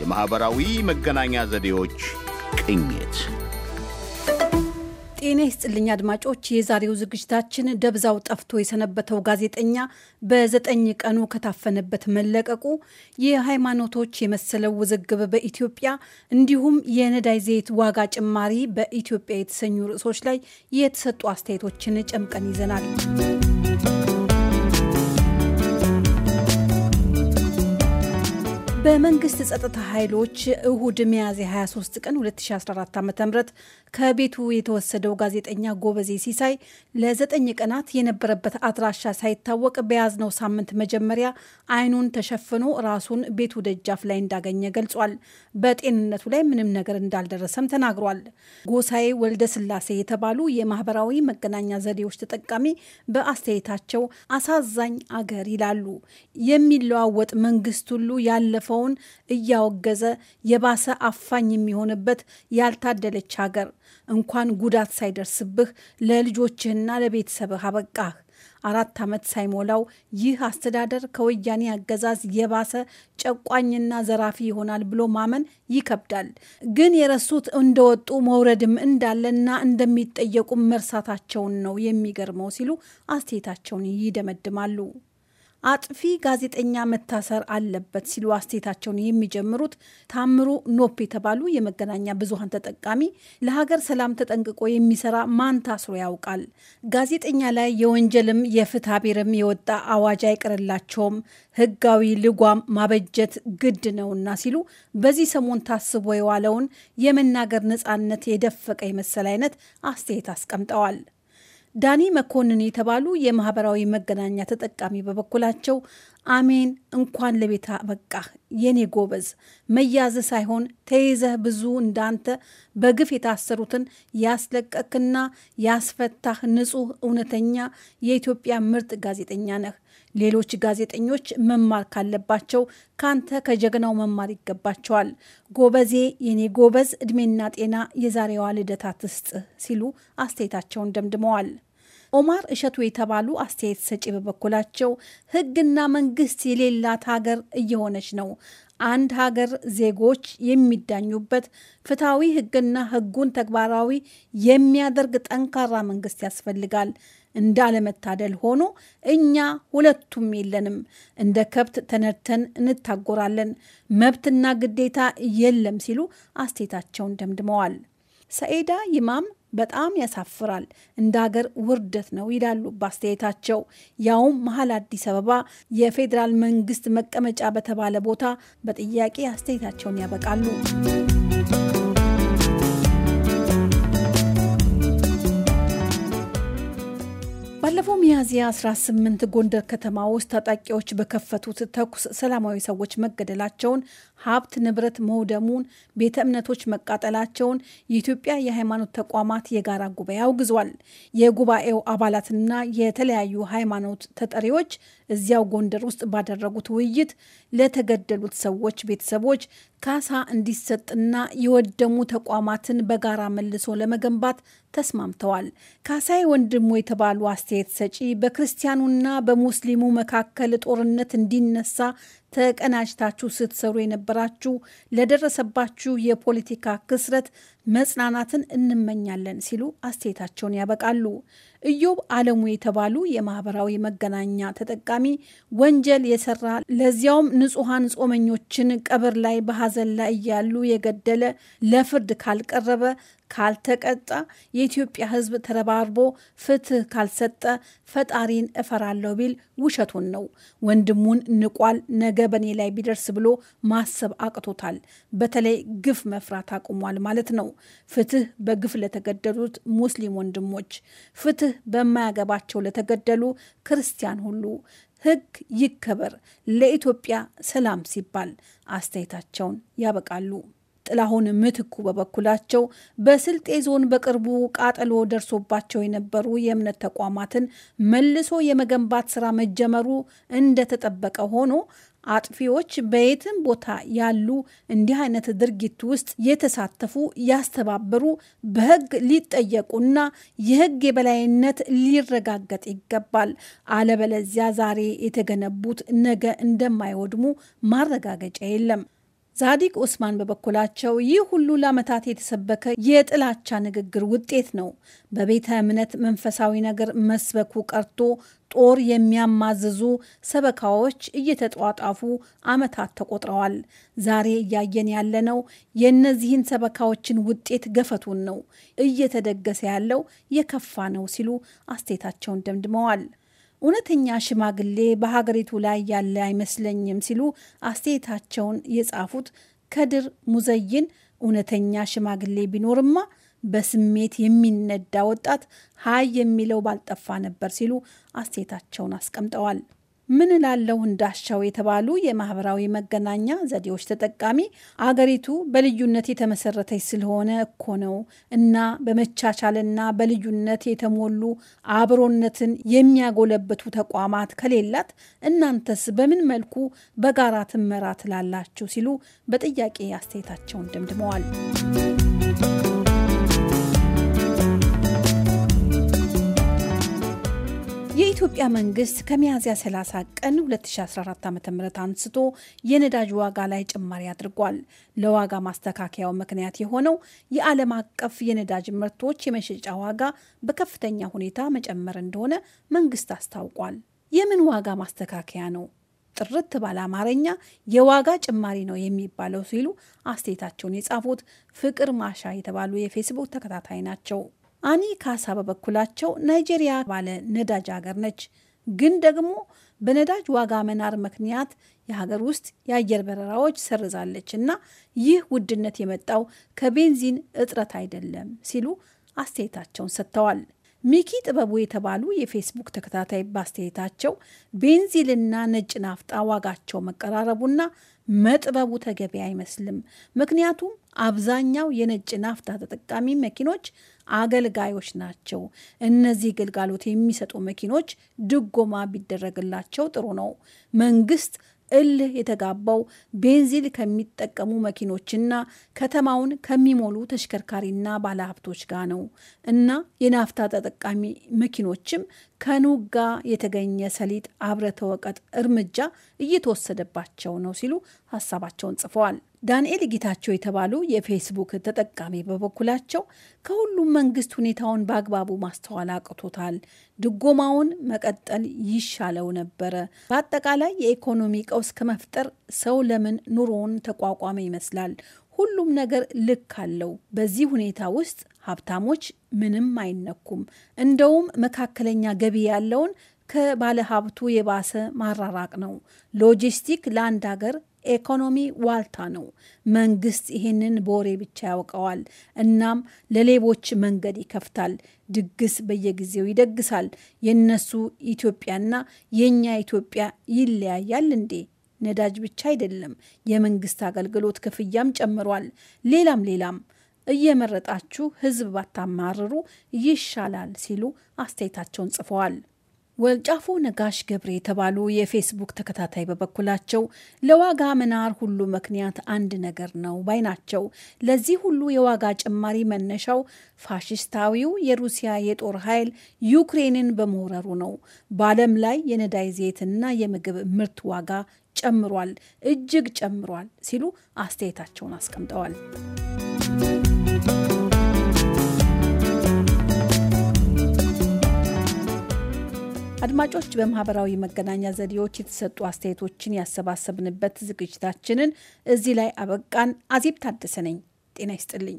የማኅበራዊ መገናኛ ዘዴዎች ቅኝት። ጤና ይስጥልኝ አድማጮች። የዛሬው ዝግጅታችን ደብዛው ጠፍቶ የሰነበተው ጋዜጠኛ በዘጠኝ ቀኑ ከታፈነበት መለቀቁ፣ የሃይማኖቶች የመሰለው ውዝግብ በኢትዮጵያ እንዲሁም የነዳጅ ዘይት ዋጋ ጭማሪ በኢትዮጵያ የተሰኙ ርዕሶች ላይ የተሰጡ አስተያየቶችን ጨምቀን ይዘናል። በመንግስት ጸጥታ ኃይሎች እሁድ ሚያዝያ 23 ቀን 2014 ዓ ም ከቤቱ የተወሰደው ጋዜጠኛ ጎበዜ ሲሳይ ለዘጠኝ ቀናት የነበረበት አድራሻ ሳይታወቅ በያዝነው ሳምንት መጀመሪያ አይኑን ተሸፍኖ ራሱን ቤቱ ደጃፍ ላይ እንዳገኘ ገልጿል። በጤንነቱ ላይ ምንም ነገር እንዳልደረሰም ተናግሯል። ጎሳዬ ወልደ ስላሴ የተባሉ የማህበራዊ መገናኛ ዘዴዎች ተጠቃሚ በአስተያየታቸው አሳዛኝ አገር ይላሉ። የሚለዋወጥ መንግስት ሁሉ ያለፈው ያለፈውን እያወገዘ የባሰ አፋኝ የሚሆንበት ያልታደለች ሀገር እንኳን ጉዳት ሳይደርስብህ ለልጆችህና ለቤተሰብህ አበቃህ። አራት ዓመት ሳይሞላው ይህ አስተዳደር ከወያኔ አገዛዝ የባሰ ጨቋኝና ዘራፊ ይሆናል ብሎ ማመን ይከብዳል። ግን የረሱት እንደወጡ መውረድም እንዳለና እንደሚጠየቁም መርሳታቸውን ነው የሚገርመው ሲሉ አስተያየታቸውን ይደመድማሉ። አጥፊ ጋዜጠኛ መታሰር አለበት ሲሉ አስተያየታቸውን የሚጀምሩት ታምሩ ኖፕ የተባሉ የመገናኛ ብዙሀን ተጠቃሚ ለሀገር ሰላም ተጠንቅቆ የሚሰራ ማን ታስሮ ያውቃል? ጋዜጠኛ ላይ የወንጀልም የፍትሐ ብሔርም የወጣ አዋጅ አይቀርላቸውም፣ ህጋዊ ልጓም ማበጀት ግድ ነውና ሲሉ በዚህ ሰሞን ታስቦ የዋለውን የመናገር ነፃነት የደፈቀ የመሰል አይነት አስተያየት አስቀምጠዋል። ዳኒ መኮንን የተባሉ የማህበራዊ መገናኛ ተጠቃሚ በበኩላቸው አሜን እንኳን ለቤታ በቃህ የኔ ጎበዝ መያዝ ሳይሆን ተይዘህ ብዙ እንዳንተ በግፍ የታሰሩትን ያስለቀክና ያስፈታህ ንጹህ እውነተኛ የኢትዮጵያ ምርጥ ጋዜጠኛ ነህ። ሌሎች ጋዜጠኞች መማር ካለባቸው ካንተ ከጀግናው መማር ይገባቸዋል። ጎበዜ የኔ ጎበዝ፣ እድሜና ጤና የዛሬዋ ልደታ ትስጥህ ሲሉ አስተያየታቸውን ደምድመዋል። ኦማር እሸቱ የተባሉ አስተያየት ሰጪ በበኩላቸው ሕግና መንግስት የሌላት ሀገር እየሆነች ነው። አንድ ሀገር ዜጎች የሚዳኙበት ፍትሐዊ ሕግና ሕጉን ተግባራዊ የሚያደርግ ጠንካራ መንግስት ያስፈልጋል። እንዳለመታደል ሆኖ እኛ ሁለቱም የለንም። እንደ ከብት ተነድተን እንታጎራለን። መብትና ግዴታ የለም ሲሉ አስተያየታቸውን ደምድመዋል። ሰኤዳ ይማም በጣም ያሳፍራል፣ እንደ ሀገር ውርደት ነው ይላሉ በአስተያየታቸው። ያውም መሀል አዲስ አበባ የፌዴራል መንግስት መቀመጫ በተባለ ቦታ በጥያቄ አስተያየታቸውን ያበቃሉ። ባለፈው ሚያዝያ 18 ጎንደር ከተማ ውስጥ ታጣቂዎች በከፈቱት ተኩስ ሰላማዊ ሰዎች መገደላቸውን ሀብት ንብረት መውደሙን፣ ቤተ እምነቶች መቃጠላቸውን የኢትዮጵያ የሃይማኖት ተቋማት የጋራ ጉባኤ አውግዟል። የጉባኤው አባላትና የተለያዩ ሃይማኖት ተጠሪዎች እዚያው ጎንደር ውስጥ ባደረጉት ውይይት ለተገደሉት ሰዎች ቤተሰቦች ካሳ እንዲሰጥና የወደሙ ተቋማትን በጋራ መልሶ ለመገንባት ተስማምተዋል። ካሳይ ወንድሙ የተባሉ አስተያየት ሰጪ በክርስቲያኑና በሙስሊሙ መካከል ጦርነት እንዲነሳ ተቀናጅታችሁ ስትሰሩ የነበራችሁ ለደረሰባችሁ የፖለቲካ ክስረት መጽናናትን እንመኛለን ሲሉ አስተያየታቸውን ያበቃሉ። እዩብ አለሙ የተባሉ የማህበራዊ መገናኛ ተጠቃሚ ወንጀል የሰራ ለዚያውም ንጹሐን ጾመኞችን ቀብር ላይ በሐዘን ላይ እያሉ የገደለ ለፍርድ ካልቀረበ ካልተቀጣ የኢትዮጵያ ሕዝብ ተረባርቦ ፍትህ ካልሰጠ ፈጣሪን እፈራለሁ ቢል ውሸቱን ነው። ወንድሙን ንቋል፣ ነገ በእኔ ላይ ቢደርስ ብሎ ማሰብ አቅቶታል። በተለይ ግፍ መፍራት አቁሟል ማለት ነው። ፍትህ በግፍ ለተገደሉት ሙስሊም ወንድሞች፣ ፍትህ በማያገባቸው ለተገደሉ ክርስቲያን ሁሉ ህግ ይከበር፣ ለኢትዮጵያ ሰላም ሲባል አስተያየታቸውን ያበቃሉ። ጥላሁን ምትኩ በበኩላቸው በስልጤ ዞን በቅርቡ ቃጠሎ ደርሶባቸው የነበሩ የእምነት ተቋማትን መልሶ የመገንባት ስራ መጀመሩ እንደተጠበቀ ሆኖ አጥፊዎች በየትም ቦታ ያሉ እንዲህ አይነት ድርጊት ውስጥ የተሳተፉ ያስተባበሩ በህግ ሊጠየቁና የህግ የበላይነት ሊረጋገጥ ይገባል። አለበለዚያ ዛሬ የተገነቡት ነገ እንደማይወድሙ ማረጋገጫ የለም። ዛዲቅ ኡስማን በበኩላቸው ይህ ሁሉ ለዓመታት የተሰበከ የጥላቻ ንግግር ውጤት ነው። በቤተ እምነት መንፈሳዊ ነገር መስበኩ ቀርቶ ጦር የሚያማዝዙ ሰበካዎች እየተጧጧፉ ዓመታት ተቆጥረዋል። ዛሬ እያየን ያለነው የእነዚህን ሰበካዎችን ውጤት ገፈቱን ነው። እየተደገሰ ያለው የከፋ ነው ሲሉ አስተያየታቸውን ደምድመዋል። እውነተኛ ሽማግሌ በሀገሪቱ ላይ ያለ አይመስለኝም ሲሉ አስተያየታቸውን የጻፉት ከድር ሙዘይን እውነተኛ ሽማግሌ ቢኖርማ በስሜት የሚነዳ ወጣት ሀይ የሚለው ባልጠፋ ነበር ሲሉ አስተያየታቸውን አስቀምጠዋል። ምን ላለው እንዳሻው የተባሉ የማህበራዊ መገናኛ ዘዴዎች ተጠቃሚ አገሪቱ በልዩነት የተመሰረተች ስለሆነ እኮ ነው እና በመቻቻልና በልዩነት የተሞሉ አብሮነትን የሚያጎለብቱ ተቋማት ከሌላት እናንተስ በምን መልኩ በጋራ ትመራ ትላላችሁ ሲሉ በጥያቄ አስተያየታቸውን ደምድመዋል። የኢትዮጵያ መንግስት ከሚያዝያ 30 ቀን 2014 ዓ ም አንስቶ የነዳጅ ዋጋ ላይ ጭማሪ አድርጓል። ለዋጋ ማስተካከያው ምክንያት የሆነው የዓለም አቀፍ የነዳጅ ምርቶች የመሸጫ ዋጋ በከፍተኛ ሁኔታ መጨመር እንደሆነ መንግስት አስታውቋል። የምን ዋጋ ማስተካከያ ነው? ጥርት ባለ አማርኛ የዋጋ ጭማሪ ነው የሚባለው ሲሉ አስተያየታቸውን የጻፉት ፍቅር ማሻ የተባሉ የፌስቡክ ተከታታይ ናቸው። አኒ ካሳ በበኩላቸው ናይጄሪያ ባለ ነዳጅ ሀገር ነች፣ ግን ደግሞ በነዳጅ ዋጋ መናር ምክንያት የሀገር ውስጥ የአየር በረራዎች ሰርዛለች እና ይህ ውድነት የመጣው ከቤንዚን እጥረት አይደለም ሲሉ አስተያየታቸውን ሰጥተዋል። ሚኪ ጥበቡ የተባሉ የፌስቡክ ተከታታይ በአስተያየታቸው ቤንዚልና ነጭ ናፍጣ ዋጋቸው መቀራረቡና መጥበቡ ተገቢ አይመስልም። ምክንያቱም አብዛኛው የነጭ ናፍታ ተጠቃሚ መኪኖች አገልጋዮች ናቸው። እነዚህ ግልጋሎት የሚሰጡ መኪኖች ድጎማ ቢደረግላቸው ጥሩ ነው። መንግስት እልህ የተጋባው ቤንዚል ከሚጠቀሙ መኪኖችና ከተማውን ከሚሞሉ ተሽከርካሪና ባለሀብቶች ጋር ነው እና የናፍታ ተጠቃሚ መኪኖችም ከኑግ ጋር የተገኘ ሰሊጥ አብረተወቀጥ እርምጃ እየተወሰደባቸው ነው ሲሉ ሀሳባቸውን ጽፈዋል። ዳንኤል ጌታቸው የተባሉ የፌስቡክ ተጠቃሚ በበኩላቸው ከሁሉም መንግስት ሁኔታውን በአግባቡ ማስተዋል አቅቶታል፣ ድጎማውን መቀጠል ይሻለው ነበረ። በአጠቃላይ የኢኮኖሚ ቀውስ ከመፍጠር ሰው ለምን ኑሮውን ተቋቋመ ይመስላል? ሁሉም ነገር ልክ አለው። በዚህ ሁኔታ ውስጥ ሀብታሞች ምንም አይነኩም። እንደውም መካከለኛ ገቢ ያለውን ከባለሀብቱ የባሰ ማራራቅ ነው። ሎጂስቲክ ለአንድ ሀገር ኢኮኖሚ ዋልታ ነው። መንግስት ይህንን በወሬ ብቻ ያውቀዋል። እናም ለሌቦች መንገድ ይከፍታል። ድግስ በየጊዜው ይደግሳል። የነሱ ኢትዮጵያና የእኛ ኢትዮጵያ ይለያያል እንዴ? ነዳጅ ብቻ አይደለም፣ የመንግስት አገልግሎት ክፍያም ጨምሯል። ሌላም ሌላም እየመረጣችሁ ህዝብ ባታማርሩ ይሻላል ሲሉ አስተያየታቸውን ጽፈዋል። ወልጫፎ ነጋሽ ገብሬ የተባሉ የፌስቡክ ተከታታይ በበኩላቸው ለዋጋ መናር ሁሉ ምክንያት አንድ ነገር ነው ባይ ናቸው። ለዚህ ሁሉ የዋጋ ጭማሪ መነሻው ፋሽስታዊው የሩሲያ የጦር ኃይል ዩክሬንን በመውረሩ ነው። በዓለም ላይ የነዳይ ዘይትና የምግብ ምርት ዋጋ ጨምሯል፣ እጅግ ጨምሯል ሲሉ አስተያየታቸውን አስቀምጠዋል። አድማጮች በማህበራዊ መገናኛ ዘዴዎች የተሰጡ አስተያየቶችን ያሰባሰብንበት ዝግጅታችንን እዚህ ላይ አበቃን። አዜብ ታደሰ ነኝ። ጤና ይስጥልኝ።